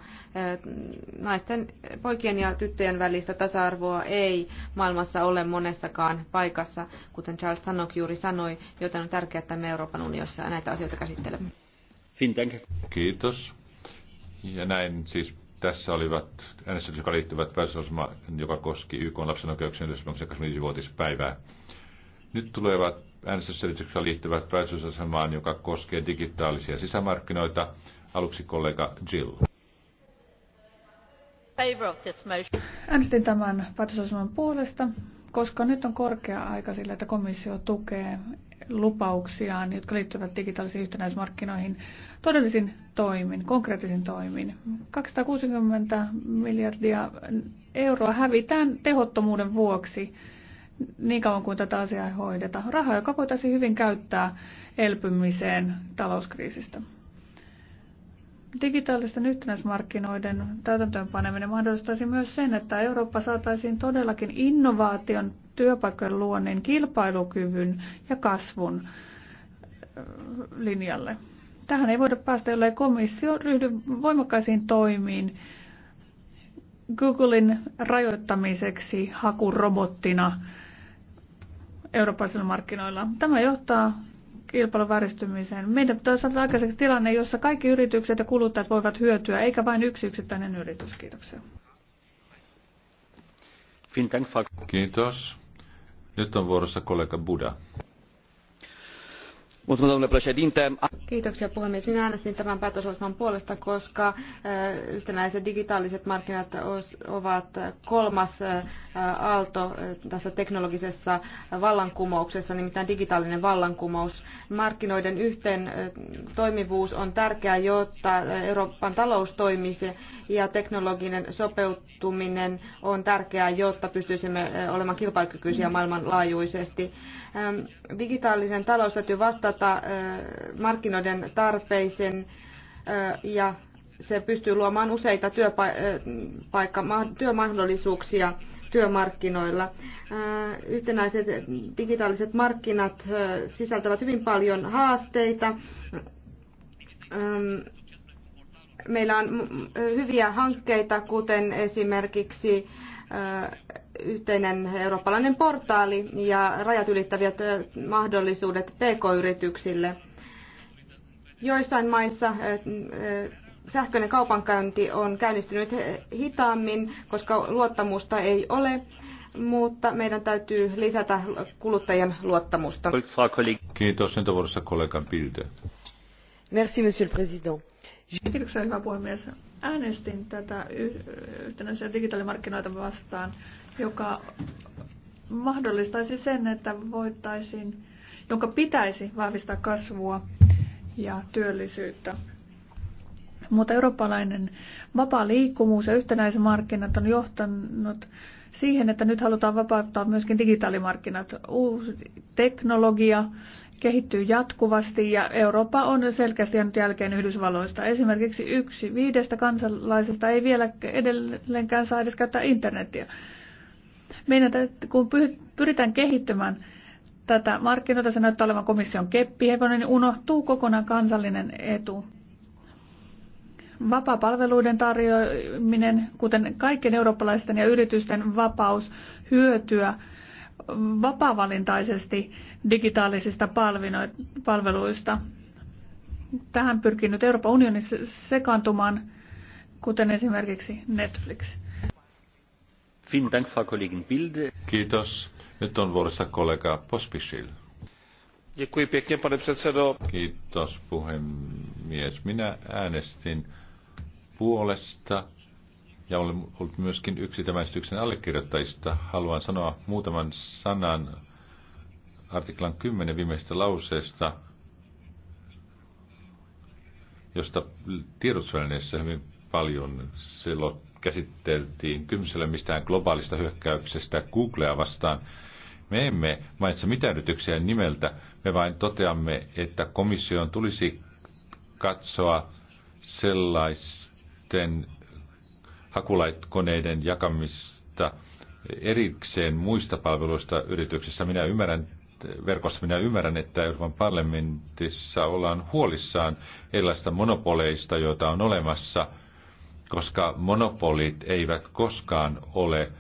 Speaker 3: Naisten, poikien ja tyttöjen välistä tasa-arvoa ei maailmassa ole monessakaan paikassa, kuten Charles Tannock juuri sanoi, joten on tärkeää, että me Euroopan unionissa näitä asioita käsittelemme.
Speaker 1: Kiitos. Ja näin siis tässä olivat äänestykset, jotka liittyvät päätösosma, joka koski YK lapsen oikeuksien yleissopimuksen 25-vuotispäivää. Nyt tulevat äänestysselitykset, jotka liittyvät päätösasemaan, joka koskee digitaalisia sisämarkkinoita. Aluksi kollega Jill.
Speaker 2: Äänestin tämän päätösaseman puolesta, koska nyt on korkea aika sillä, että komissio tukee lupauksiaan, jotka liittyvät digitaalisiin yhtenäismarkkinoihin, todellisin toimin, konkreettisin toimin. 260 miljardia euroa hävitään tehottomuuden vuoksi niin kauan kuin tätä asiaa ei hoideta. Rahaa, joka voitaisiin hyvin käyttää elpymiseen talouskriisistä. Digitaalisten yhtenäismarkkinoiden täytäntöönpaneminen mahdollistaisi myös sen, että Eurooppa saataisiin todellakin innovaation, työpaikkojen luonnin, kilpailukyvyn ja kasvun äh, linjalle. Tähän ei voida päästä, jollei komissio ryhdy voimakkaisiin toimiin Googlein rajoittamiseksi hakurobottina eurooppalaisilla markkinoilla. Tämä johtaa kilpailun vääristymiseen. Meidän pitää saada aikaiseksi tilanne, jossa kaikki yritykset ja kuluttajat voivat hyötyä, eikä vain yksi yksittäinen yritys. Kiitoksia.
Speaker 1: Kiitos. Nyt on vuorossa kollega Buda.
Speaker 3: Kiitoksia puhemies. Minä äänestin tämän päätöslauselman puolesta, koska eh, yhtenäiset digitaaliset markkinat ovat kolmas eh, aalto eh, tässä teknologisessa vallankumouksessa, nimittäin digitaalinen vallankumous. Markkinoiden yhteen toimivuus on tärkeää, jotta Euroopan talous toimisi ja teknologinen sopeutuminen on tärkeää, jotta pystyisimme olemaan kilpailukykyisiä maailmanlaajuisesti. Digitaalisen talous täytyy vastata vastata markkinoiden tarpeisiin ja se pystyy luomaan useita työpaikka- työmahdollisuuksia työmarkkinoilla. Yhtenäiset digitaaliset markkinat sisältävät hyvin paljon haasteita. Meillä on hyviä hankkeita, kuten esimerkiksi yhteinen eurooppalainen portaali ja rajat ylittäviä mahdollisuudet pk-yrityksille. Joissain maissa sähköinen kaupankäynti on käynnistynyt hitaammin, koska luottamusta ei ole, mutta meidän täytyy lisätä kuluttajien luottamusta.
Speaker 1: Kiitos. Nyt vuorossa kollegan Pilde.
Speaker 3: Merci, monsieur le président.
Speaker 2: Kiitoksia, hyvä puhemies. Äänestin tätä yhtenäisiä digitaalimarkkinoita vastaan joka mahdollistaisi sen, että voitaisiin, jonka pitäisi vahvistaa kasvua ja työllisyyttä. Mutta eurooppalainen vapaa liikkuvuus ja yhtenäiset markkinat on johtanut siihen, että nyt halutaan vapauttaa myöskin digitaalimarkkinat. Uusi teknologia kehittyy jatkuvasti ja Eurooppa on selkeästi jäänyt jälkeen Yhdysvalloista. Esimerkiksi yksi viidestä kansalaisesta ei vielä edelleenkään saa edes käyttää internetiä. Meidän täytyy, kun pyritään kehittämään tätä markkinoita, se näyttää olevan komission keppihevonen, niin unohtuu kokonaan kansallinen etu. Vapaa-palveluiden tarjoaminen, kuten kaikkien eurooppalaisten ja yritysten vapaus hyötyä vapaavalintaisesti digitaalisista palveluista. Tähän pyrkii nyt Euroopan unioni sekaantumaan, kuten esimerkiksi Netflix.
Speaker 1: Kiitos. on kollega pane Minä äänestin puolesta ja olen ollut myöskin yksi tämän esityksen allekirjoittajista. Haluan sanoa muutaman sanan artiklan 10 viimeisestä lauseesta, josta tiedotusvälineessä hyvin paljon selot käsiteltiin kymmenen mistään globaalista hyökkäyksestä Googlea vastaan. Me emme mainitse mitään yrityksiä nimeltä, me vain toteamme, että komission tulisi katsoa sellaisten hakulaitkoneiden jakamista erikseen muista palveluista yrityksissä. Minä ymmärrän verkossa minä ymmärrän, että Euroopan parlamentissa ollaan huolissaan erilaisista monopoleista, joita on olemassa – koska monopolit eivät koskaan ole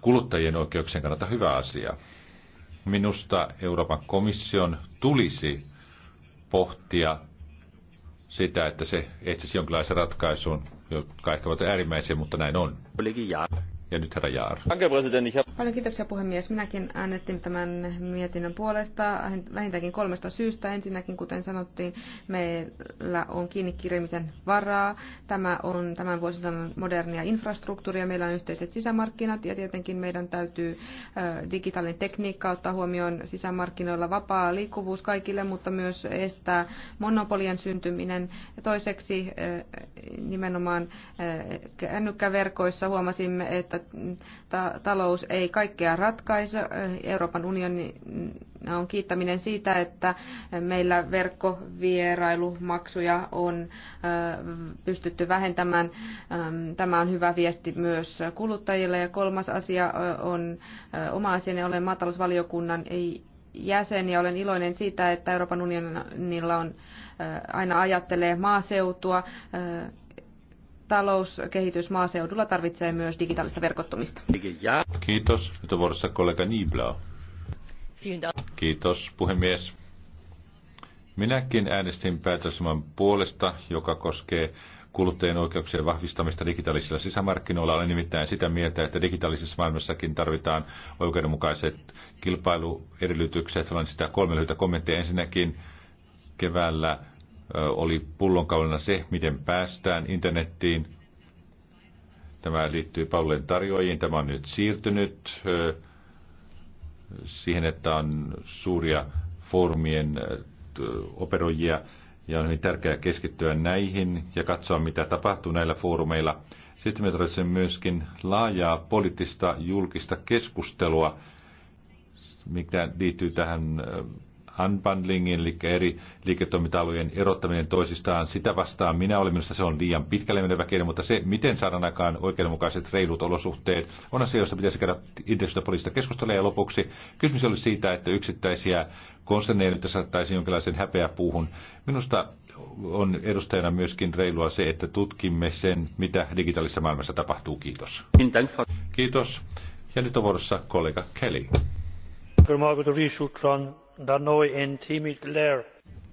Speaker 1: kuluttajien oikeuksien kannalta hyvä asia. Minusta Euroopan komission tulisi pohtia sitä, että se etsisi jonkinlaisen ratkaisun, jotka ehkä ovat äärimmäisiä, mutta näin on. Ja nyt herra Jaar.
Speaker 3: Paljon kiitoksia puhemies. Minäkin äänestin tämän mietinnön puolesta vähintäänkin kolmesta syystä. Ensinnäkin, kuten sanottiin, meillä on kiinni kirjamisen varaa. Tämä on tämän vuosisadan modernia infrastruktuuria. Meillä on yhteiset sisämarkkinat ja tietenkin meidän täytyy digitaalinen tekniikka ottaa huomioon sisämarkkinoilla vapaa liikkuvuus kaikille, mutta myös estää monopolien syntyminen. Ja toiseksi nimenomaan kännykkäverkoissa huomasimme, että talous ei kaikkea ratkaise. Euroopan unioni äh, on kiittäminen siitä, että meillä verkkovierailumaksuja on äh, pystytty vähentämään. Ähm, tämä on hyvä viesti myös kuluttajille. Ja kolmas asia äh, on oma asiani, olen maatalousvaliokunnan jäsen ja olen iloinen siitä, että Euroopan unionilla on aina ajattelee maaseutua Talouskehitys maaseudulla tarvitsee myös digitaalista verkottumista.
Speaker 1: Kiitos. Nyt on vuorossa kollega Niibla. Kiitos, puhemies. Minäkin äänestin päätösmän puolesta, joka koskee kuluttajien oikeuksien vahvistamista digitaalisilla sisämarkkinoilla. Olen nimittäin sitä mieltä, että digitaalisessa maailmassakin tarvitaan oikeudenmukaiset kilpailuedellytykset. Olen sitä kolme lyhyitä kommenttia. Ensinnäkin keväällä oli pullonkaulana se, miten päästään internettiin. Tämä liittyy palvelujen tarjoajiin. Tämä on nyt siirtynyt siihen, että on suuria foorumien operoijia ja on hyvin tärkeää keskittyä näihin ja katsoa, mitä tapahtuu näillä foorumeilla. Sitten me tarvitsemme myöskin laajaa poliittista julkista keskustelua, mikä liittyy tähän unbundling, eli eri liiketoiminta-alueen erottaminen toisistaan. Sitä vastaan minä olen, minusta se on liian pitkälle menevä keino, mutta se, miten saadaan aikaan oikeudenmukaiset reilut olosuhteet, on asia, josta pitäisi käydä intensiivistä keskustelua. Ja lopuksi kysymys oli siitä, että yksittäisiä konserneja nyt saattaisi jonkinlaisen häpeä puuhun. Minusta on edustajana myöskin reilua se, että tutkimme sen, mitä digitaalisessa maailmassa tapahtuu. Kiitos. Kiitos. Ja nyt on vuorossa kollega Kelly.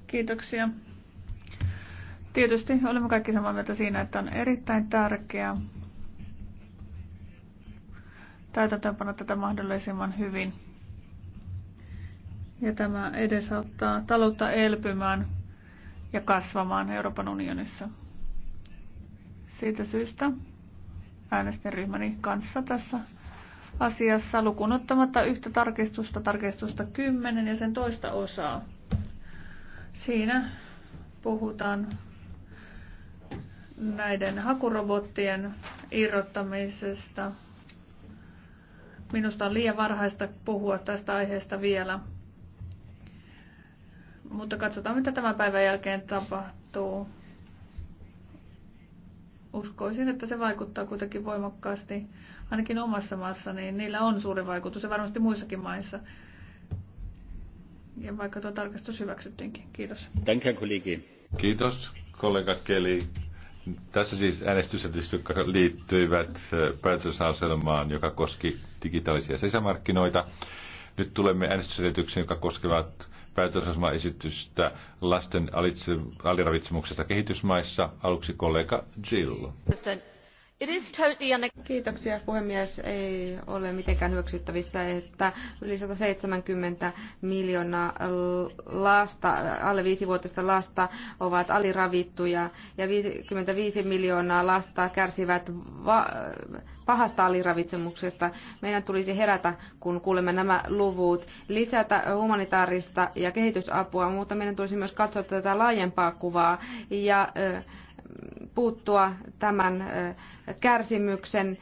Speaker 2: Kiitoksia. Tietysti olemme kaikki samaa mieltä siinä, että on erittäin tärkeää täytäntöönpanna tätä mahdollisimman hyvin. Ja tämä edesauttaa taloutta elpymään ja kasvamaan Euroopan unionissa. Siitä syystä äänestin ryhmäni kanssa tässä asiassa lukuun ottamatta yhtä tarkistusta, tarkistusta 10 ja sen toista osaa. Siinä puhutaan näiden hakurobottien irrottamisesta. Minusta on liian varhaista puhua tästä aiheesta vielä, mutta katsotaan mitä tämän päivän jälkeen tapahtuu uskoisin, että se vaikuttaa kuitenkin voimakkaasti, ainakin omassa maassa, niin niillä on suuri vaikutus ja varmasti muissakin maissa. Ja vaikka tuo tarkastus hyväksyttiinkin. Kiitos.
Speaker 1: Danke, kollegi. Kiitos, kollega Keli. Tässä siis äänestykset, jotka liittyivät päätösaselmaan, joka koski digitaalisia sisämarkkinoita. Nyt tulemme äänestysselitykseen, joka koskevat päätösasemaesitystä lasten aliravitsemuksesta kehitysmaissa. Aluksi kollega Jill.
Speaker 3: Kiitoksia puhemies. Ei ole mitenkään hyväksyttävissä, että yli 170 miljoonaa lasta, alle 5-vuotiaista lasta ovat aliravittuja ja 55 miljoonaa lasta kärsivät pahasta aliravitsemuksesta. Meidän tulisi herätä, kun kuulemme nämä luvut, lisätä humanitaarista ja kehitysapua, mutta meidän tulisi myös katsoa tätä laajempaa kuvaa ja puuttua tämän kärsimyksen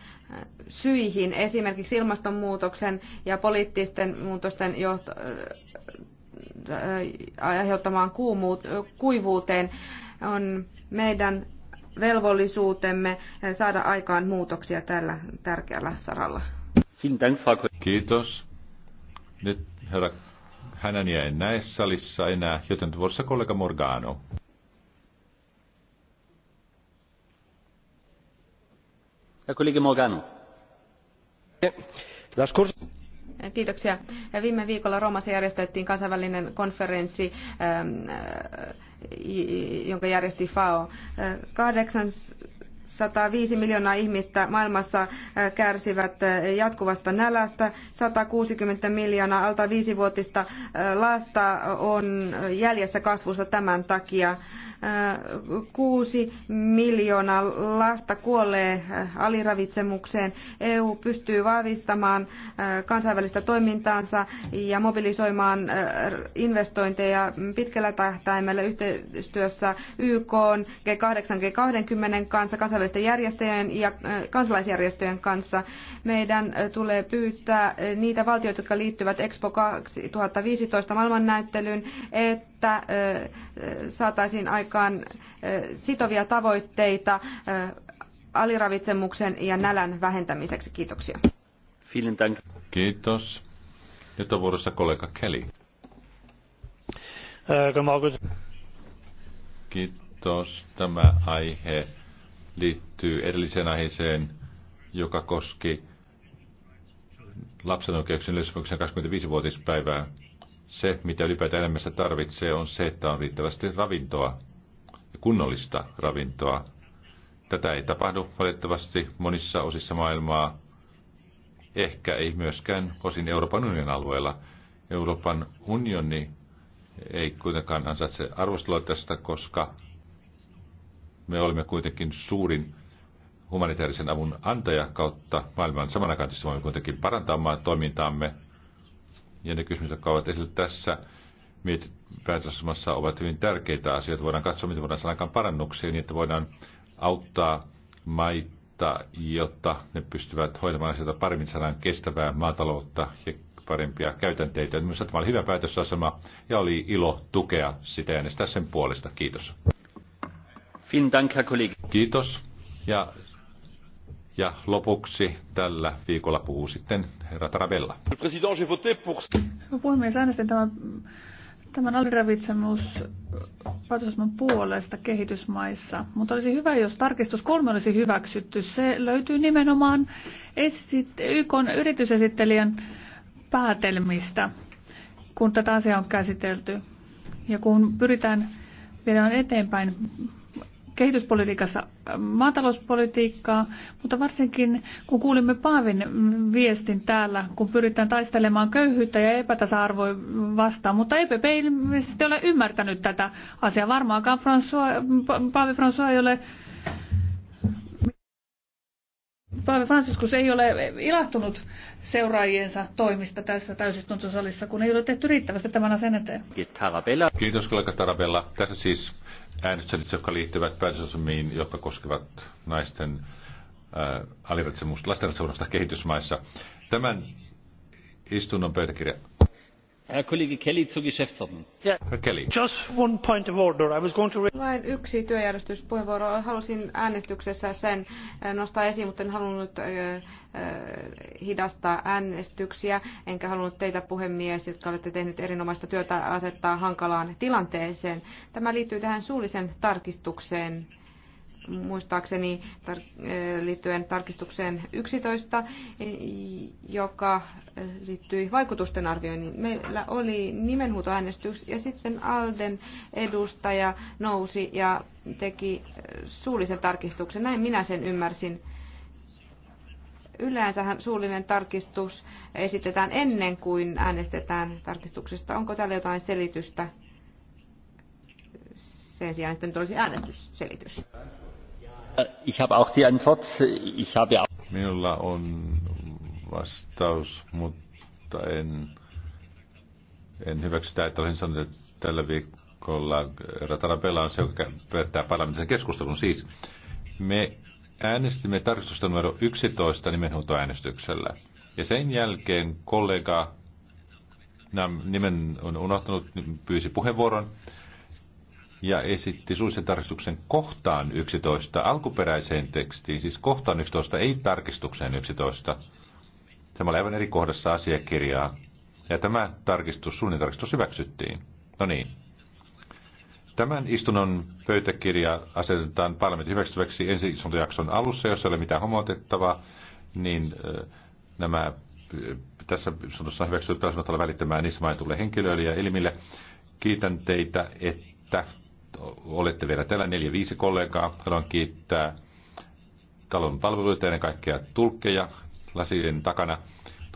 Speaker 3: syihin, esimerkiksi ilmastonmuutoksen ja poliittisten muutosten aiheuttamaan kuivuuteen, on meidän velvollisuutemme saada aikaan muutoksia tällä tärkeällä saralla.
Speaker 1: Kiitos. Nyt herra Hänän en näe salissa enää, joten vuorossa kollega Morgano.
Speaker 3: Kiitoksia. Viime viikolla Roomassa järjestettiin kansainvälinen konferenssi, ähm, äh, jonka järjesti FAO. kahdeksansataaviisi miljoonaa ihmistä maailmassa äh, kärsivät äh, jatkuvasta nälästä. 160 miljoonaa alta viisivuotista lasta on jäljessä kasvusta tämän takia kuusi miljoonaa lasta kuolee aliravitsemukseen. EU pystyy vahvistamaan äh, kansainvälistä toimintaansa ja mobilisoimaan äh, investointeja pitkällä tähtäimellä yhteistyössä YK, G8, G20 kanssa, kansainvälisten järjestöjen ja äh, kansalaisjärjestöjen kanssa. Meidän tulee pyytää niitä valtioita, jotka liittyvät Expo 2015 maailmannäyttelyyn, että että saataisiin aikaan sitovia tavoitteita aliravitsemuksen ja nälän vähentämiseksi. Kiitoksia.
Speaker 1: Kiitos. Nyt on vuorossa kollega Kelly. Kiitos. Tämä aihe liittyy edelliseen aiheeseen, joka koski lapsen oikeuksien yleissopimuksen 25-vuotispäivää. Se, mitä ylipäätään elämässä tarvitsee, on se, että on riittävästi ravintoa, kunnollista ravintoa. Tätä ei tapahdu valitettavasti monissa osissa maailmaa, ehkä ei myöskään osin Euroopan unionin alueella. Euroopan unioni ei kuitenkaan ansaitse arvostelua tästä, koska me olemme kuitenkin suurin humanitaarisen avun antaja kautta maailman. Samanaikaisesti voimme kuitenkin parantaa maan toimintaamme ja ne kysymykset, jotka ovat esillä tässä päätösmassa, ovat hyvin tärkeitä asioita. Voidaan katsoa, miten voidaan saada aikaan parannuksia niin, että voidaan auttaa maita, jotta ne pystyvät hoitamaan sieltä paremmin, saadaan kestävää maataloutta ja parempia käytänteitä. Minusta tämä oli hyvä päätösasema ja oli ilo tukea sitä äänestää sen puolesta. Kiitos. Dank, Herr Kollege. Kiitos. Ja ja lopuksi tällä viikolla puhuu sitten herra Taravella.
Speaker 2: Hyvä puhemies, äänestin tämän, tämän aliravitsemus puolesta kehitysmaissa, mutta olisi hyvä, jos tarkistus kolme olisi hyväksytty. Se löytyy nimenomaan esit- YK yritysesittelijän päätelmistä, kun tätä asiaa on käsitelty. Ja kun pyritään viedään eteenpäin kehityspolitiikassa äh, maatalouspolitiikkaa, mutta varsinkin kun kuulimme Paavin viestin täällä, kun pyritään taistelemaan köyhyyttä ja epätasa-arvoa vastaan, mutta EPP ei ole ymmärtänyt tätä asiaa. Varmaankaan François, Paavi François ei ole Paavi Franciscus ei ole ilahtunut seuraajiensa toimista tässä täysistuntosalissa, kun ei ole tehty riittävästi tämän asian eteen.
Speaker 1: Kiitos kollega Tarabella. Tässä siis äänestykset, jotka liittyvät päätösosamiin, jotka koskevat naisten äh, alivälisemusta lastensuunnasta kehitysmaissa. Tämän istunnon pöytäkirja
Speaker 3: vain yksi työjärjestyspuheenvuoro. Halusin äänestyksessä sen äh, nostaa esiin, mutta en halunnut äh, äh, hidastaa äänestyksiä, enkä halunnut teitä puhemies, jotka olette tehneet erinomaista työtä, asettaa hankalaan tilanteeseen. Tämä liittyy tähän suulliseen tarkistukseen muistaakseni eh, liittyen tarkistukseen 11, eh, joka eh, liittyi vaikutusten arvioinnin. Meillä oli nimenhuutoäänestys ja sitten Alden edustaja nousi ja teki suullisen tarkistuksen. Näin minä sen ymmärsin. Yleensähän suullinen tarkistus esitetään ennen kuin äänestetään tarkistuksesta. Onko täällä jotain selitystä sen sijaan, että nyt olisi äänestysselitys?
Speaker 1: Minulla on vastaus, mutta en, en hyväksy sitä, että olisin sanonut, että tällä viikolla Ratarabella on se, joka päättää parlamentin keskustelun. Siis me äänestimme tarkistusta numero 11 nimenhuutoäänestyksellä. Ja sen jälkeen kollega, nimen on unohtanut, pyysi puheenvuoron ja esitti suullisen tarkistuksen kohtaan 11 alkuperäiseen tekstiin, siis kohtaan 11, ei tarkistukseen 11. Tämä oli aivan eri kohdassa asiakirjaa. Ja tämä tarkistus, suunnin tarkistus hyväksyttiin. No niin. Tämän istunnon pöytäkirja asetetaan parlamentin hyväksyttäväksi ensi istuntojakson alussa, jos ei ole mitään homotettavaa, niin äh, nämä äh, tässä istunnossa on hyväksytty olla välittämään niissä mainitulle henkilöille ja elimille. Kiitän teitä, että olette vielä täällä neljä viisi kollegaa. Haluan kiittää talon palveluita ja ennen kaikkea tulkkeja lasien takana.